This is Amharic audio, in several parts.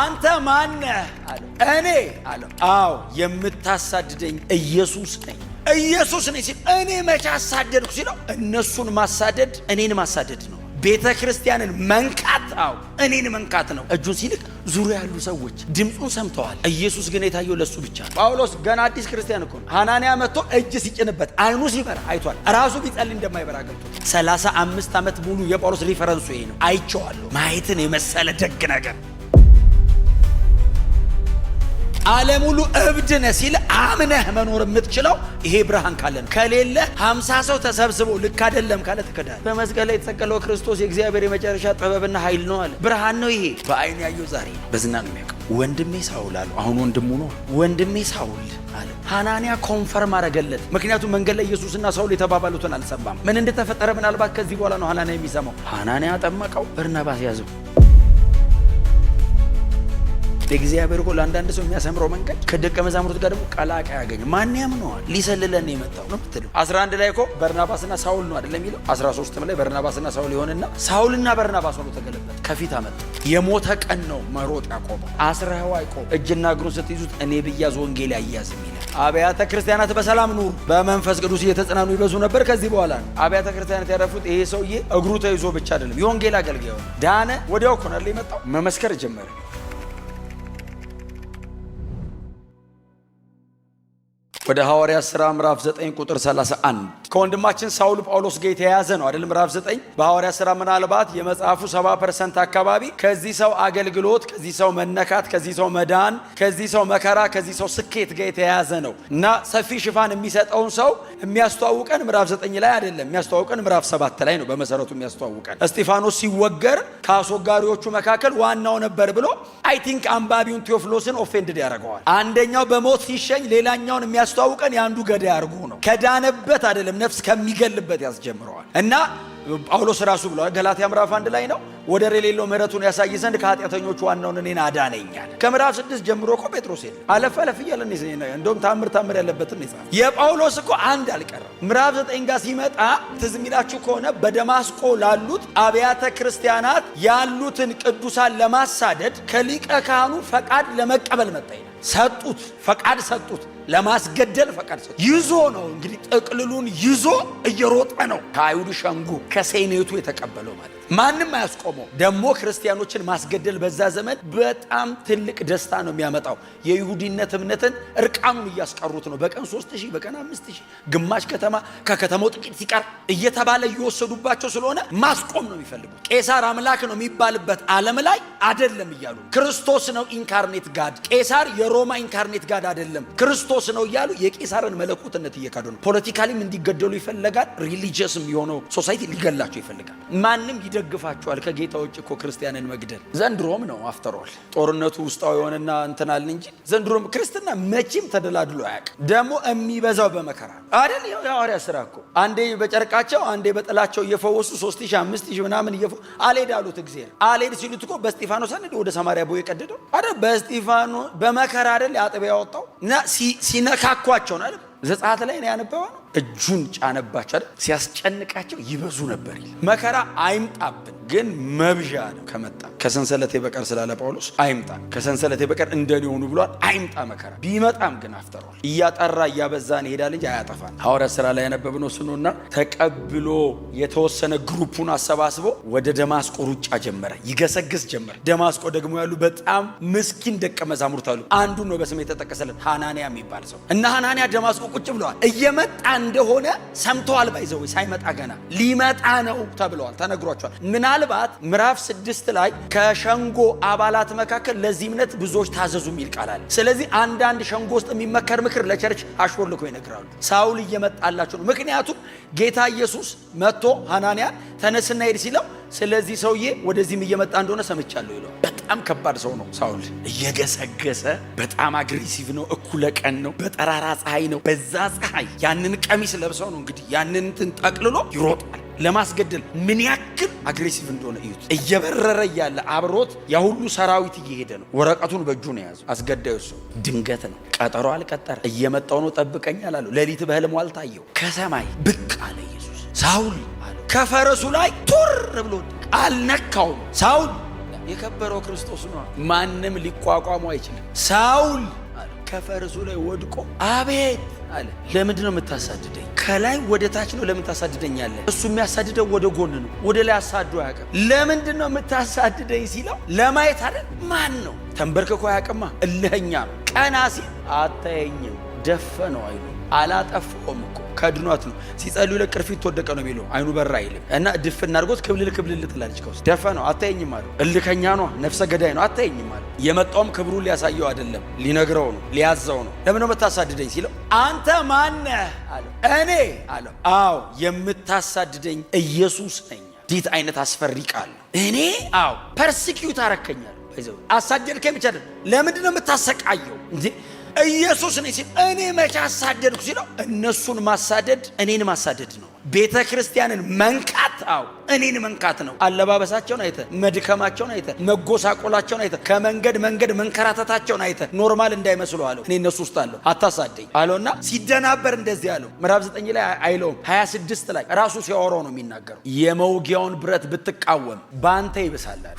አንተ ማነህ አለ እኔ አለ። አዎ የምታሳድደኝ ኢየሱስ ነኝ። ኢየሱስ ነኝ ሲል እኔ መቼ አሳደድኩ ሲለው እነሱን ማሳደድ እኔን ማሳደድ ነው። ቤተ ክርስቲያንን መንካት፣ አው እኔን መንካት ነው። እጁን ሲልቅ ዙሪያ ያሉ ሰዎች ድምፁን ሰምተዋል። ኢየሱስ ግን የታየው ለሱ ብቻ። ጳውሎስ ገና አዲስ ክርስቲያን እኮ ሐናንያ መጥቶ እጅ ሲጭንበት አይኑ ሲበራ አይቷል። ራሱ ቢጸል እንደማይበራ ገብቶ ሰላሳ አምስት ዓመት ሙሉ የጳውሎስ ሪፈረንሱ ይሄ ነው። አይቼዋለሁ ማየትን የመሰለ ደግ ነገር ዓለም ሁሉ እብድ ነህ ሲል አምነህ መኖር የምትችለው ይሄ ብርሃን ካለ ነው። ከሌለ ሀምሳ ሰው ተሰብስቦ ልክ አይደለም ካለ ትክዳል። በመስቀል ላይ የተሰቀለው ክርስቶስ የእግዚአብሔር የመጨረሻ ጥበብና ኃይል ነው አለ። ብርሃን ነው ይሄ። በአይን ያየው ዛሬ በዝና ነው የሚያውቀው። ወንድሜ ሳውል አሉ። አሁን ወንድሙ ነው። ወንድሜ ሳውል አለ። ሐናንያ ኮንፈርም አረገለት። ምክንያቱም መንገድ ላይ ኢየሱስና ሳውል የተባባሉትን አልሰማም። ምን እንደተፈጠረ ምናልባት ከዚህ በኋላ ነው ሐናንያ የሚሰማው። ሐናንያ ጠመቀው፣ በርናባስ ያዘው። ለእግዚአብሔር እኮ ለአንዳንድ ሰው የሚያሰምረው መንገድ ከደቀ መዛሙርት ጋር ደግሞ ቀላቃ ያገኘ ማን ያምነዋል? ሊሰልለን የመጣው ነው ምትለው። 11 ላይ እኮ በርናባስና ሳውል ነው አደለ የሚለው። 13 ላይ በርናባስና ሳውል የሆነና ሳውልና በርናባስ ሆኖ ተገለበጠ። ከፊት አመጣ። የሞተ ቀን ነው መሮጥ ያቆመ። አስራዋ አይቆም። እጅና እግሩን ስትይዙት እኔ ብያዝ ወንጌል አያዝ የሚለ አብያተ ክርስቲያናት በሰላም ኑሩ፣ በመንፈስ ቅዱስ እየተጽናኑ ይበዙ ነበር። ከዚህ በኋላ ነው አብያተ ክርስቲያናት ያረፉት። ይሄ ሰውዬ እግሩ ተይዞ ብቻ አይደለም የወንጌል አገልጋይ ሆነ። ዳነ። ወዲያው ኮነር ላይ መመስከር ጀመረ። ወደ ሐዋርያ ሥራ ምዕራፍ 9 ቁጥር 31 ከወንድማችን ሳውል ጳውሎስ ጋር የተያያዘ ነው አይደል? ምዕራፍ 9 በሐዋርያ ሥራ ምናልባት የመጽሐፉ 70 ፐርሰንት አካባቢ ከዚህ ሰው አገልግሎት፣ ከዚህ ሰው መነካት፣ ከዚህ ሰው መዳን፣ ከዚህ ሰው መከራ፣ ከዚህ ሰው ስኬት ጋር የተያያዘ ነው እና ሰፊ ሽፋን የሚሰጠውን ሰው የሚያስተዋውቀን ምዕራፍ 9 ላይ አይደለም። የሚያስተዋውቀን ምዕራፍ 7 ላይ ነው። በመሰረቱ የሚያስተዋውቀን እስጢፋኖስ ሲወገር ከአስወጋሪዎቹ መካከል ዋናው ነበር ብሎ አይ ቲንክ አንባቢውን ቴዎፍሎስን ኦፌንድድ ያደርገዋል። አንደኛው በሞት ሲሸኝ ሌላኛውን የሚያስተዋውቀን የአንዱ ገዳይ አድርጎ ነው። ከዳነበት አይደለም ነፍስ ከሚገልበት ያስጀምረዋል እና ጳውሎስ ራሱ ብለዋል ገላትያ ምዕራፍ አንድ ላይ ነው ወደር የሌለው ምሕረቱን ያሳይ ዘንድ ከኃጢአተኞቹ ዋናውን እኔን አዳነኛል። ከምዕራፍ ስድስት ጀምሮ እኮ ጴጥሮስ የለ አለፍ አለፍ እያለ እንደውም ታምር ታምር ያለበትን ይጻፍ የጳውሎስ እኮ አንድ አልቀረም። ምዕራፍ ዘጠኝ ጋር ሲመጣ ትዝ የሚላችሁ ከሆነ በደማስቆ ላሉት አብያተ ክርስቲያናት ያሉትን ቅዱሳን ለማሳደድ ከሊቀ ካህኑ ፈቃድ ለመቀበል መጣ ይላል። ሰጡት፣ ፈቃድ ሰጡት፣ ለማስገደል ፈቃድ ሰጡት። ይዞ ነው እንግዲህ ጥቅልሉን ይዞ እየሮጠ ነው ከአይሁድ ሸንጎ ከሴኔቱ የተቀበለው ማለት ማንም አያስቆመው። ደግሞ ክርስቲያኖችን ማስገደል በዛ ዘመን በጣም ትልቅ ደስታ ነው የሚያመጣው። የይሁዲነት እምነትን እርቃኑን እያስቀሩት ነው። በቀን ሶስት ሺህ በቀን አምስት ሺህ ግማሽ ከተማ ከከተማው ጥቂት ሲቀር እየተባለ እየወሰዱባቸው ስለሆነ ማስቆም ነው የሚፈልጉት። ቄሳር አምላክ ነው የሚባልበት ዓለም ላይ አደለም እያሉ ክርስቶስ ነው ኢንካርኔት ጋድ። ቄሳር የሮማ ኢንካርኔት ጋድ አደለም ክርስቶስ ነው እያሉ የቄሳርን መለኮትነት እየካዱ ነው። ፖለቲካሊም እንዲገደሉ ይፈለጋል። ሪሊጂየስም የሆነው ሶሳይቲ ሊገላቸው ይፈልጋል። ማንም ይደግፋችኋል። ከጌታ ውጭ እኮ ክርስቲያንን መግደል ዘንድሮም ነው። አፍተሮል ጦርነቱ ውስጣዊ የሆነና እንትናል እንጂ ዘንድሮም ክርስትና መቼም ተደላድሎ አያውቅም። ደግሞ የሚበዛው በመከራ አይደል? የሐዋርያ ስራ እኮ አንዴ በጨርቃቸው አንዴ በጥላቸው እየፈወሱ ሶስት ሺህ አምስት ሺህ ምናምን እየፈ አልሄድ አሉት። እግዚአብሔር አልሄድ ሲሉት እኮ በስጢፋኖስ አንድ ወደ ሰማሪያ ቦ የቀደደው አይደል? በስጢፋኖስ በመከራ አይደል? አጥቢያ ያወጣው ሲነካኳቸው ነው አይደል? ዘጸአት ላይ ነው ያነበበው እጁን ጫነባቸው አይደል? ሲያስጨንቃቸው ይበዙ ነበር ይል መከራ አይምጣብን፣ ግን መብዣ ነው። ከመጣ ከሰንሰለቴ በቀር ስላለ ጳውሎስ አይምጣ፣ ከሰንሰለቴ በቀር እንደኔ ሆኑ ብሏል። አይምጣ መከራ ቢመጣም ግን አፍጠሯል። እያጠራ እያበዛ ይሄዳል እንጂ አያጠፋን። ሐዋርያ ስራ ላይ ያነበብነው ስኖና ተቀብሎ የተወሰነ ግሩፑን አሰባስቦ ወደ ደማስቆ ሩጫ ጀመረ፣ ይገሰግስ ጀመረ። ደማስቆ ደግሞ ያሉ በጣም ምስኪን ደቀ መዛሙርት አሉ። አንዱ ነው በስም የተጠቀሰለን ሃናንያ የሚባል ሰው እና ሃናንያ ደማስቆ ቁጭ ብለዋል እየመጣ እንደሆነ ሰምተዋል። ባይዘው ሳይመጣ ገና ሊመጣ ነው ተብለዋል፣ ተነግሯቸዋል። ምናልባት ምዕራፍ ስድስት ላይ ከሸንጎ አባላት መካከል ለዚህ እምነት ብዙዎች ታዘዙ የሚል ቃል አለ። ስለዚህ አንዳንድ ሸንጎ ውስጥ የሚመከር ምክር ለቸርች አሾልኮ ይነግራሉ። ሳውል እየመጣላቸው ነው። ምክንያቱም ጌታ ኢየሱስ መጥቶ ሐናንያን ተነስና ሄድ ሲለው ስለዚህ ሰውዬ ወደዚህም እየመጣ እንደሆነ ሰምቻለሁ ይለው። በጣም ከባድ ሰው ነው ሳውል። እየገሰገሰ በጣም አግሬሲቭ ነው። እኩለ ቀን ነው። በጠራራ ፀሐይ ነው። በዛ ፀሐይ ያንን ቀሚስ ለብሰው ነው እንግዲህ ያንን እንትን ጠቅልሎ ይሮጣል ለማስገደል ምን ያክል አግሬሲቭ እንደሆነ እዩት። እየበረረ እያለ አብሮት ያሁሉ ሰራዊት እየሄደ ነው። ወረቀቱን በእጁ ነው የያዘው። አስገዳዩ ሰው ድንገት ነው። ቀጠሮ አልቀጠረ እየመጣው ነው። ጠብቀኝ አላለው። ሌሊት በህልሙ አልታየው። ከሰማይ ብቅ አለ ኢየሱስ ሳውል ከፈረሱ ላይ ቱር ብሎ አልነካውም። ሳውል የከበረው ክርስቶስ ነው፣ ማንም ሊቋቋሙ አይችልም። ሳውል ከፈረሱ ላይ ወድቆ አቤት አለ። ለምንድን ነው የምታሳድደኝ? ከላይ ወደ ታች ነው ለምን ታሳድደኛለህ? እሱ የሚያሳድደው ወደ ጎን ነው፣ ወደ ላይ አሳድዶ አያውቅም። ለምንድን ነው የምታሳድደኝ ሲለው ለማየት አለ። ማን ነው ተንበርክኮ አያውቅማ። እልኸኛ ቀና ሲል አታየኝም፣ ደፈነው አይሉ አላጠፋውም እኮ ከድኗት ነው። ሲጸልዩ ለቅርፊት ተወደቀ ነው የሚለው አይኑ በራ አይልም እና ድፍና አድርጎት ክብልል ክብልል ትላለች። ከውስጥ ደፈ ነው አታየኝም አለ። እልከኛ ነው ነፍሰ ገዳይ ነው አታየኝም አለ። የመጣውም ክብሩ ሊያሳየው አይደለም ሊነግረው ነው ሊያዘው ነው። ለምን የምታሳድደኝ ሲለው አንተ ማነህ አለ። እኔ አለ። አዎ የምታሳድደኝ ኢየሱስ ነኝ። ዲት አይነት አስፈሪ ቃል ነው። እኔ አዎ ፐርሲኪዩት አረከኛል አሳጀድከኝ ብቻ ለምንድን ነው የምታሰቃየው? ኢየሱስ እኔ ሲል እኔ መቼ አሳደድኩ ሲለው እነሱን ማሳደድ እኔን ማሳደድ ነው። ቤተ ክርስቲያንን መንካት፣ አው እኔን መንካት ነው። አለባበሳቸውን አይተ፣ መድከማቸውን አይተ፣ መጎሳቆላቸውን አይተ፣ ከመንገድ መንገድ መንከራተታቸውን አይተ ኖርማል እንዳይመስሉ አለው። እኔ እነሱ ውስጥ አለሁ፣ አታሳደኝ አለውና ሲደናበር እንደዚህ አለው። ምዕራፍ 9 ላይ አይለውም፣ 26 ላይ ራሱ ሲያወራው ነው የሚናገረው። የመውጊያውን ብረት ብትቃወም በአንተ ይብሳላል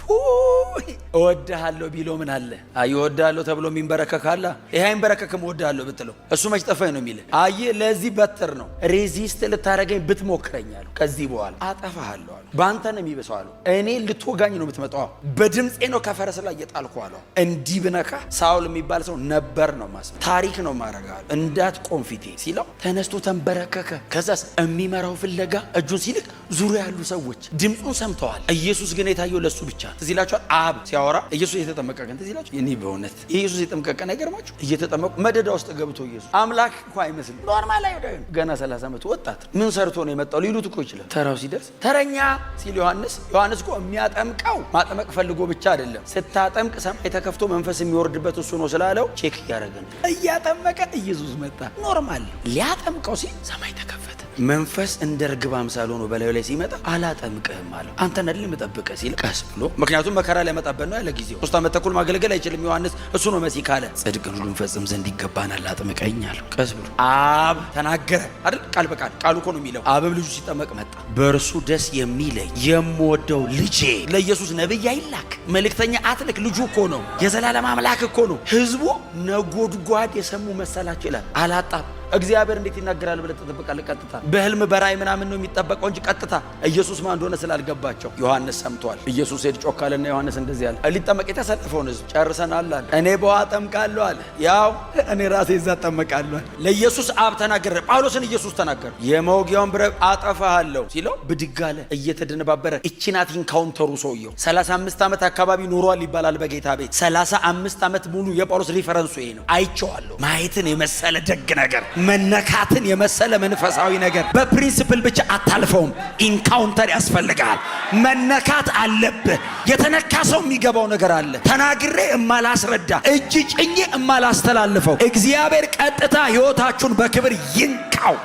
እወድሃለሁ ቢሎ ምን አለ? አይ እወድሃለሁ ተብሎ የሚንበረከካላ ይህ አይንበረከክም። እወድሃለሁ ብትለው እሱ መች ጠፋኝ ነው የሚል። አይ ለዚህ በትር ነው ሬዚስት ልታደረገኝ ብትሞክረኝ አሉ። ከዚህ በኋላ አጠፋሃለሁ አሉ። በአንተ ነው የሚብሰው አሉ። እኔ ልትወጋኝ ነው የምትመጣው። በድምፄ ነው ከፈረስ ላይ እየጣልኩ አለ። እንዲህ ብነካ ሳውል የሚባል ሰው ነበር ነው ማስ ታሪክ ነው ማረጋሉ። እንዳት ቆም ፊቴ ሲለው ተነስቶ ተንበረከከ። ከዛስ የሚመራው ፍለጋ እጁን ሲልክ ዙሪያ ያሉ ሰዎች ድምፁን ሰምተዋል። ኢየሱስ ግን የታየው ለእሱ ብቻ ትዝ ይላችኋል። አብ ሲያወራ ኢየሱስ እየተጠመቀ ግን ትዝ ይላችሁ? እኔ በእውነት ኢየሱስ የጠመቀቀ ነው አይገርማችሁ? እየተጠመቁ መደዳ ውስጥ ገብቶ ኢየሱስ አምላክ እንኳ አይመስል ኖርማል አይሁዳዊ ገና 30 ዓመቱ ወጣት ምን ሰርቶ ነው የመጣው ሊሉት እኮ ይችላል። ተራው ሲደርስ ተረኛ ሲል ዮሐንስ ዮሐንስ እኮ የሚያጠምቀው ማጠመቅ ፈልጎ ብቻ አይደለም። ስታጠምቅ ሰማይ ተከፍቶ መንፈስ የሚወርድበት እሱ ነው ስላለው ቼክ እያደረገ ነው። እያጠመቀ ኢየሱስ መጣ። ኖርማል ሊያጠምቀው ሲል ሰማይ ተከፍቶ መንፈስ እንደ ርግብ አምሳል ሆኖ በላዩ ላይ ሲመጣ አላጠምቅህም አለው። አንተን አይደል የምጠብቅህ ሲል ቀስ ብሎ ምክንያቱም መከራ ሊያመጣበት ነው ያለ ጊዜው ሶስት ዓመት ተኩል ማገልገል አይችልም ዮሐንስ። እሱ ነው መሲህ ካለ ጽድቅን ሁሉ ፈጽም ዘንድ ይገባን አላጥምቀኝ አለው። ቀስ ብሎ አብ ተናገረ አይደል? ቃል በቃል ቃሉ እኮ ነው የሚለው። አብም ልጁ ሲጠመቅ መጣ። በእርሱ ደስ የሚለኝ የምወደው ልጄ። ለኢየሱስ ነቢይ አይላክ መልእክተኛ አትልክ። ልጁ እኮ ነው የዘላለም አምላክ እኮ ነው። ህዝቡ ነጎድጓድ የሰሙ መሰላቸው ይላል። አላጣም እግዚአብሔር እንዴት ይናገራል ብለህ ትጠብቃለህ? ቀጥታ በህልም በራእይ ምናምን ነው የሚጠበቀው እንጂ ቀጥታ ኢየሱስ ማን እንደሆነ ስላልገባቸው ዮሐንስ ሰምቷል። ኢየሱስ ሄድ ጮክ ዮሐንስ እንደዚህ አለ፣ ሊጠመቅ የተሰለፈውን ህዝብ ጨርሰናል አለ። እኔ በውሃ እጠምቃለሁ አለ፣ ያው እኔ ራሴ እዛ እጠመቃለሁ አለ። ለኢየሱስ አብ ተናገረ፣ ጳውሎስን ኢየሱስ ተናገረ። የመውጊያውን ብረት አጠፋሃለሁ ሲለው ብድግ አለ፣ እየተደነባበረ እቺናት ኢንካውንተሩ። ሰውየው 35 ዓመት አካባቢ ኑሯል ይባላል በጌታ ቤት። 35 ዓመት ሙሉ የጳውሎስ ሪፈረንሱ ይሄ ነው። አይቼዋለሁ ማየትን የመሰለ ደግ ነገር መነካትን የመሰለ መንፈሳዊ ነገር በፕሪንስፕል ብቻ አታልፈውም። ኢንካውንተር ያስፈልጋል። መነካት አለብህ። የተነካ ሰው የሚገባው ነገር አለ። ተናግሬ እማላስረዳ እጅ ጭኜ እማላስተላልፈው እግዚአብሔር ቀጥታ ሕይወታችሁን በክብር ይንካው።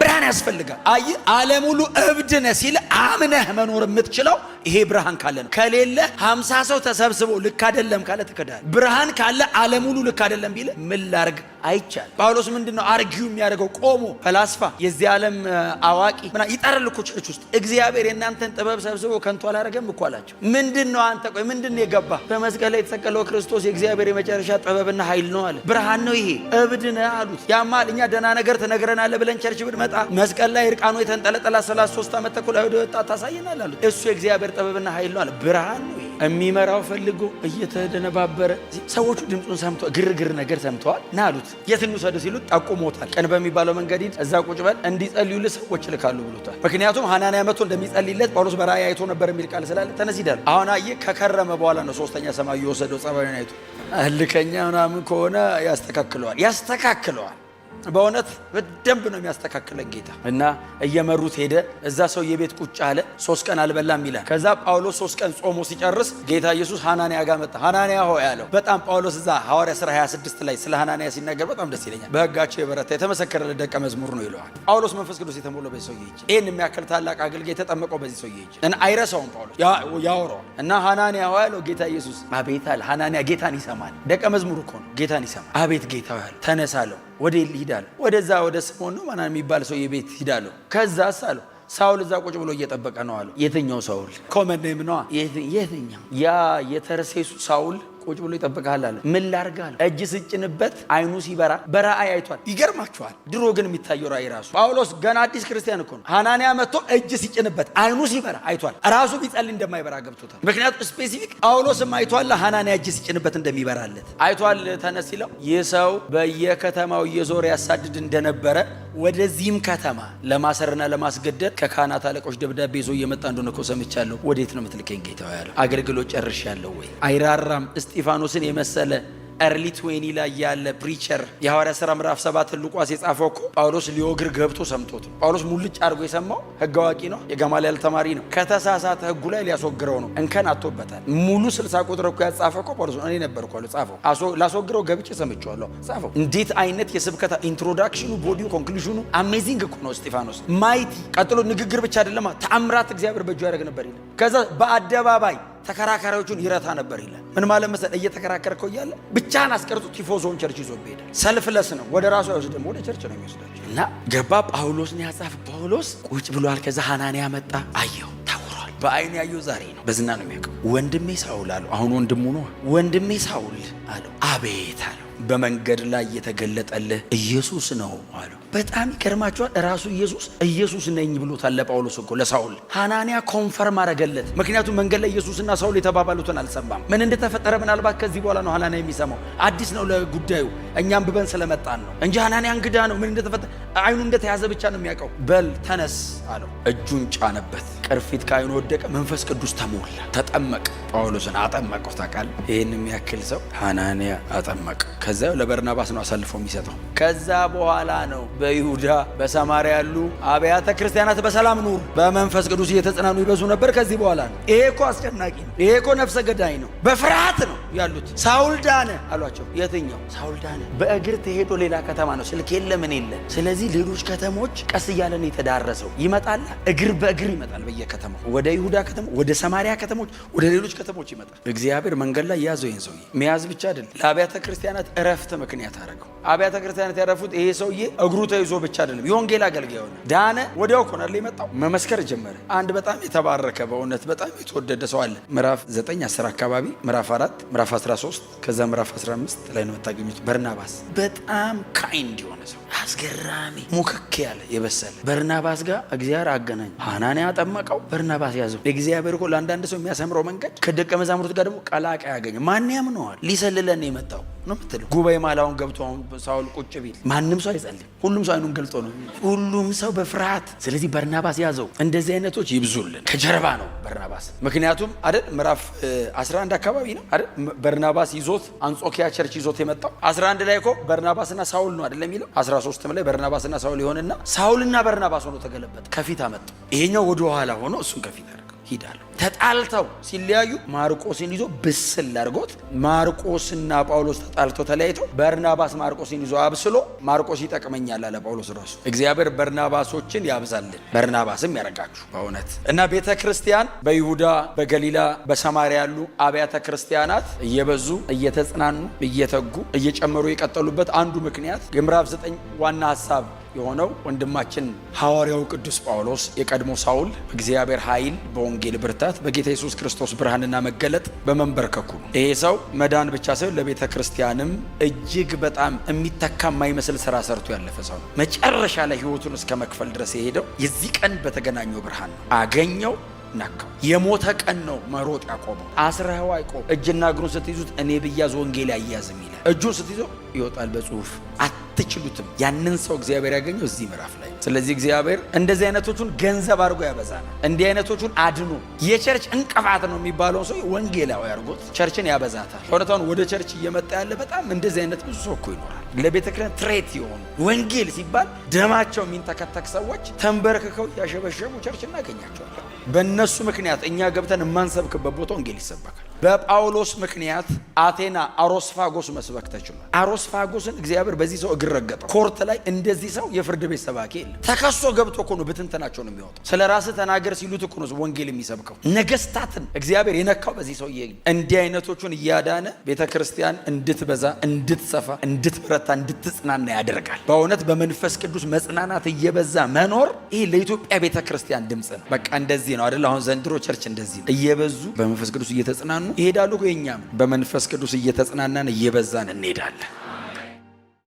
ብርሃን ያስፈልጋል። አይ ዓለም ሁሉ እብድ ነህ ሲል አምነህ መኖር የምትችለው ይሄ ብርሃን ካለ ነው። ከሌለ ሀምሳ ሰው ተሰብስቦ ልክ አይደለም ካለ ትክዳል። ብርሃን ካለ ዓለም ሁሉ ልክ አይደለም ቢለ ምን ላርግ አይቻል። ጳውሎስ ምንድን ነው አርጊው የሚያደርገው? ቆሞ ፈላስፋ፣ የዚህ ዓለም አዋቂ ይጠራል እኮ ቸርች ውስጥ እግዚአብሔር የእናንተን ጥበብ ሰብስቦ ከንቱ አላደረገም እኮ አላቸው። ምንድን ነው አንተ ቆይ ምንድን ነው የገባ? በመስቀል ላይ የተሰቀለው ክርስቶስ የእግዚአብሔር የመጨረሻ ጥበብና ኃይል ነው አለ። ብርሃን ነው ይሄ። እብድ ነህ አሉት። ያማል እኛ ደህና ነገር ትነግረናለህ ብለን ቸርች ብንመጣ መስቀል ላይ እርቃኑ የተንጠለጠላ 33 ዓመት ተኩል አይሁድ ወጣ ታሳየናል አሉት። እሱ የእግዚአብሔር የእግዚአብሔር ጥበብና ኃይል ነው አለ። ብርሃን ነው የሚመራው ፈልጎ እየተደነባበረ ሰዎቹ ድምፁን ሰምቶ ግርግር ነገር ሰምተዋል ና አሉት። የት እንውሰድህ ሲሉት ጠቁሞታል። ቀን በሚባለው መንገድ ሂድ፣ እዛ ቁጭ በል፣ እንዲጸልዩልህ ሰዎች ልካሉ ብሎታል። ምክንያቱም ሐናንያ መቶ እንደሚጸልይለት ጳውሎስ በራእይ አይቶ ነበር የሚል ቃል ስላለ ተነስ ሂዳል። አሁን አየ፣ ከከረመ በኋላ ነው ሶስተኛ ሰማዩ የወሰደው ጸባዩን አይቶ እልከኛ ምናምን ከሆነ ያስተካክለዋል ያስተካክለዋል በእውነት በደንብ ነው የሚያስተካክለን ጌታ። እና እየመሩት ሄደ። እዛ ሰው የቤት ቁጭ አለ። ሶስት ቀን አልበላም ይላል። ከዛ ጳውሎስ ሶስት ቀን ጾሞ ሲጨርስ ጌታ ኢየሱስ ሃናንያ ጋር መጣ። ሃናንያ ሆ ያለው በጣም ጳውሎስ እዛ ሐዋርያ ሥራ 26 ላይ ስለ ሃናንያ ሲናገር በጣም ደስ ይለኛል። በህጋቸው የበረታ የተመሰከረለት ደቀ መዝሙር ነው ይለዋል። ጳውሎስ መንፈስ ቅዱስ የተሞላው በዚህ ሰውዬ እጅ፣ ይህን የሚያክል ታላቅ አገልጋይ የተጠመቀው በዚህ ሰውዬ እጅ እና አይረሳውም። ጳውሎስ ያወራዋል እና ሃናንያ ሆ ያለው ጌታ ኢየሱስ አቤት አለ። ሐናንያ ጌታን ይሰማል። ደቀ መዝሙር እኮ ነው። ጌታን ይሰማል። አቤት ጌታ ያለው ተነሳለው ወደ ኤሊ ሂዳለሁ፣ ወደዛ ወደ ስምዖን ነው ማና የሚባል ሰው የቤት ሂዳለሁ። ከዛስ አለው ሳውል እዛ ቁጭ ብሎ እየጠበቀ ነው አለው። የትኛው ሳውል? ኮመን ኔም ነዋ። የትኛው ያ የተርሴሱ ሳውል ቁጭ ብሎ ይጠብቃል አለ። ምን ላርግ አለ። እጅ ስጭንበት አይኑ ሲበራ በራእይ አይቷል። ይገርማችኋል። ድሮ ግን የሚታየው ራእይ ራሱ ጳውሎስ ገና አዲስ ክርስቲያን እኮ ነው። ሐናንያ መጥቶ እጅ ሲጭንበት አይኑ ሲበራ አይቷል። ራሱ ቢጸል እንደማይበራ ገብቶታል። ምክንያቱም ስፔሲፊክ ጳውሎስም አይቷል፣ ሐናንያ እጅ ሲጭንበት እንደሚበራለት አይቷል። ተነስ ይለው ይህ ሰው በየከተማው እየዞረ ያሳድድ እንደነበረ ወደዚህም ከተማ ለማሰርና ለማስገደል ከካህናት አለቆች ደብዳቤ ይዞ እየመጣ እንደሆነ እኮ ሰምቻለሁ። ወዴት ነው የምትልከኝ ጌታ ያለው አገልግሎት ጨርሻለሁ ወይ አይራራም እስጢፋኖስን የመሰለ ኤርሊ ትዌኒ ላይ ያለ ፕሪቸር የሐዋርያ ሥራ ምዕራፍ ሰባት ሉቃስ የጻፈው እኮ ጳውሎስ ሊወግር ገብቶ ሰምቶት ነው። ጳውሎስ ሙልጭ አድርጎ የሰማው ሕግ አዋቂ ነው፣ የጋማልያል ተማሪ ነው። ከተሳሳተ ሕጉ ላይ ሊያስወግረው ነው፣ እንከን አቶበታል። ሙሉ ስልሳ ቁጥር እኮ ያጻፈ እኮ ጳውሎስ እኔ ነበር እኮ ጻፈው። ላስወግረው ገብቼ ሰምቼዋለሁ ጻፈው። እንዴት አይነት የስብከት ኢንትሮዳክሽኑ፣ ቦዲው፣ ኮንክሉዥኑ አሜዚንግ እኮ ነው እስጢፋኖስ ማይቲ። ቀጥሎ ንግግር ብቻ አይደለማ ተአምራት እግዚአብሔር በእጁ ያደረግ ነበር ይላል። ከዛ በአደባባይ ተከራካሪዎቹን ይረታ ነበር ይላል። ምን ማለት መሰለህ? እየተከራከርከው እያለ ብቻን አስቀርጹ ቲፎዞን ቸርች ይዞ ሄደ። ሰልፍለስ ነው፣ ወደ ራሱ አይወስድም፣ ወደ ቸርች ነው የሚወስዳቸው። እና ገባ ጳውሎስን ያጻፍ ጳውሎስ ቁጭ ብሏል። ከዛ ሐናንያ መጣ አየው በአይን ያየው ዛሬ ነው። በዝና ነው የሚያውቀው። ወንድሜ ሳውል አለው። አሁን ወንድሙ ነው። ወንድሜ ሳውል አለው። አቤት አለው። በመንገድ ላይ የተገለጠልህ ኢየሱስ ነው አለው። በጣም ይገርማችኋል። ራሱ ኢየሱስ ኢየሱስ ነኝ ብሎታል ለጳውሎስ እኮ ለሳውል። ሐናንያ ኮንፈርም አረገለት። ምክንያቱም መንገድ ላይ ኢየሱስና ሳውል የተባባሉትን አልሰማም። ምን እንደተፈጠረ ምናልባት ከዚህ በኋላ ነው ሐናንያ የሚሰማው። አዲስ ነው ለጉዳዩ፣ እኛም ብበን ስለመጣን ነው እንጂ ሐናንያ እንግዳ ነው። ምን እንደተፈጠረ አይኑ እንደተያዘ ብቻ ነው የሚያውቀው። በል ተነስ አለው። እጁን ጫነበት፣ ቅርፊት ከአይኑ ወደቀ። መንፈስ ቅዱስ ተሞላ፣ ተጠመቀ። ጳውሎስን አጠመቀው። ታውቃለህ፣ ይህን የሚያክል ሰው ሃናንያ አጠመቀ። ከዛ ለበርናባስ ነው አሳልፎ የሚሰጠው። ከዛ በኋላ ነው በይሁዳ በሰማሪያ ያሉ አብያተ ክርስቲያናት በሰላም ኑሩ፣ በመንፈስ ቅዱስ እየተጽናኑ ይበዙ ነበር። ከዚህ በኋላ ነው። ይሄ እኮ አስጨናቂ ነው። ይሄ እኮ ነፍሰ ገዳይ ነው። በፍርሃት ነው ያሉት ሳውል ዳነ አሏቸው። የትኛው ሳውል ዳነ? በእግር ተሄዶ ሌላ ከተማ ነው። ስልክ የለ ምን የለ። ስለዚህ ሌሎች ከተሞች ቀስ እያለን የተዳረሰው። ይመጣል፣ እግር በእግር ይመጣል። በየከተማው ወደ ይሁዳ ከተማ፣ ወደ ሰማሪያ ከተሞች፣ ወደ ሌሎች ከተሞች ይመጣል። እግዚአብሔር መንገድ ላይ ያዘው። ይህን ሰውዬ መያዝ ብቻ አይደለም ለአብያተ ክርስቲያናት እረፍት ምክንያት አደረገው። አብያተ ክርስቲያናት ያረፉት ይሄ ሰውዬ እግሩ ተይዞ ብቻ አይደለም፣ የወንጌል አገልጋይ ሆነ። ዳነ ወዲያው ኮናል የመጣው መመስከር ጀመረ። አንድ በጣም የተባረከ በእውነት በጣም የተወደደ ሰው አለ። ምዕራፍ 9 10 አካባቢ ምዕራፍ 4 ምዕራፍ 13 ከዛ ምዕራፍ 15 ላይ ነው የምታገኙት። በርናባስ በጣም ካይንድ የሆነ ሰው አስገራሚ ሙክክ ያለ የበሰለ በርናባስ ጋር እግዚአብሔር አገናኝ። ሐናንያ ጠመቀው፣ በርናባስ ያዘው። እግዚአብሔር እኮ ለአንዳንድ ሰው የሚያሰምረው መንገድ ከደቀ መዛሙርት ጋር ደግሞ ቀላቃይ ያገኘ ማን ያምነዋል? ሊሰልለን የመጣው ነው የምትለው። ጉባኤ መሀል ገብቶ ሳውል ቁጭ ቢል ማንም ሰው አይጸልም። ሁሉም ሰው አይኑን ገልጦ ነው፣ ሁሉም ሰው በፍርሃት። ስለዚህ በርናባስ ያዘው። እንደዚህ አይነቶች ይብዙልን። ከጀርባ ነው በርናባስ። ምክንያቱም አይደል ምዕራፍ 11 አካባቢ ነው አይደል በርናባስ ይዞት አንጾኪያ ቸርች ይዞት የመጣው 11 ላይ እኮ በርናባስና ሳውል ነው አይደለም የሚለው 13 ላይ በርናባስና ሳውል ይሆንና ሳውልና በርናባስ ሆኖ ተገለበጠ። ከፊት አመጣው። ይሄኛው ወደ ኋላ ሆኖ እሱን ከፊት ሂዳሉ ተጣልተው ሲለያዩ ማርቆስን ይዞ ብስል አድርጎት ማርቆስና ጳውሎስ ተጣልተው ተለያይተው በርናባስ ማርቆስን ይዞ አብስሎ ማርቆስ ይጠቅመኛል አለ ጳውሎስ ራሱ። እግዚአብሔር በርናባሶችን ያብዛልን በርናባስም ያረጋችሁ በእውነት እና ቤተ ክርስቲያን በይሁዳ በገሊላ በሰማሪያ ያሉ አብያተ ክርስቲያናት እየበዙ እየተጽናኑ እየተጉ እየጨመሩ የቀጠሉበት አንዱ ምክንያት የምዕራፍ ዘጠኝ ዋና ሀሳብ የሆነው ወንድማችን ሐዋርያው ቅዱስ ጳውሎስ የቀድሞ ሳውል በእግዚአብሔር ኃይል በወንጌል ብርታት በጌታ ኢየሱስ ክርስቶስ ብርሃንና መገለጥ በመንበርከኩ ነው። ይሄ ሰው መዳን ብቻ ሳይሆን ለቤተ ክርስቲያንም እጅግ በጣም የሚተካ የማይመስል ስራ ሰርቶ ያለፈ ሰው ነው። መጨረሻ ላይ ህይወቱን እስከ መክፈል ድረስ የሄደው የዚህ ቀን በተገናኘው ብርሃን ነው። አገኘው ናካው የሞተ ቀን ነው መሮጥ ያቆመው። አስረኸው አይቆም። እጅና እግሩን ስትይዙት እኔ ብያዝ ወንጌል አያዝም ይላል። እጁን ስትይዘው ይወጣል በጽሁፍ አትችሉትም። ያንን ሰው እግዚአብሔር ያገኘው እዚህ ምዕራፍ ላይ። ስለዚህ እግዚአብሔር እንደዚህ አይነቶቹን ገንዘብ አድርጎ ያበዛናል። እንዲህ አይነቶቹን አድኖ የቸርች እንቅፋት ነው የሚባለውን ሰው ወንጌላዊ አድርጎት ቸርችን ያበዛታል። እውነታውን ወደ ቸርች እየመጣ ያለ በጣም እንደዚህ አይነት ብዙ ሰው እኮ ይኖራል። ለቤተ ክርስቲያን ትሬት የሆኑ ወንጌል ሲባል ደማቸው የሚንተከተክ ሰዎች ተንበርክከው ያሸበሸቡ ቸርች እናገኛቸዋለን። በእነሱ ምክንያት እኛ ገብተን የማንሰብክበት ቦታ ወንጌል ይሰበካል። በጳውሎስ ምክንያት አቴና አሮስፋጎስ መስበክ ተችሏል። አሮስፋጎስን እግዚአብሔር በዚህ ሰው እግር ረገጠ። ኮርት ላይ እንደዚህ ሰው የፍርድ ቤት ሰባኪ የለ። ተከሶ ገብቶ እኮ ነው ብትንትናቸው ነው የሚወጣው። ስለ ራስህ ተናገር ሲሉት እኮ ነው ወንጌል የሚሰብከው። ነገስታትን እግዚአብሔር የነካው በዚህ ሰው እየ እንዲህ አይነቶቹን እያዳነ ቤተ ክርስቲያን እንድትበዛ፣ እንድትሰፋ፣ እንድትበረታ፣ እንድትጽናና ያደርጋል። በእውነት በመንፈስ ቅዱስ መጽናናት እየበዛ መኖር ይህ ለኢትዮጵያ ቤተ ክርስቲያን ድምፅ ነው። በቃ እንደዚህ እንደዚህ ነው አይደል? አሁን ዘንድሮ ቸርች እንደዚህ ነው። እየበዙ በመንፈስ ቅዱስ እየተጽናኑ ይሄዳሉ። የኛም በመንፈስ ቅዱስ እየተጽናናን እየበዛን እንሄዳለን።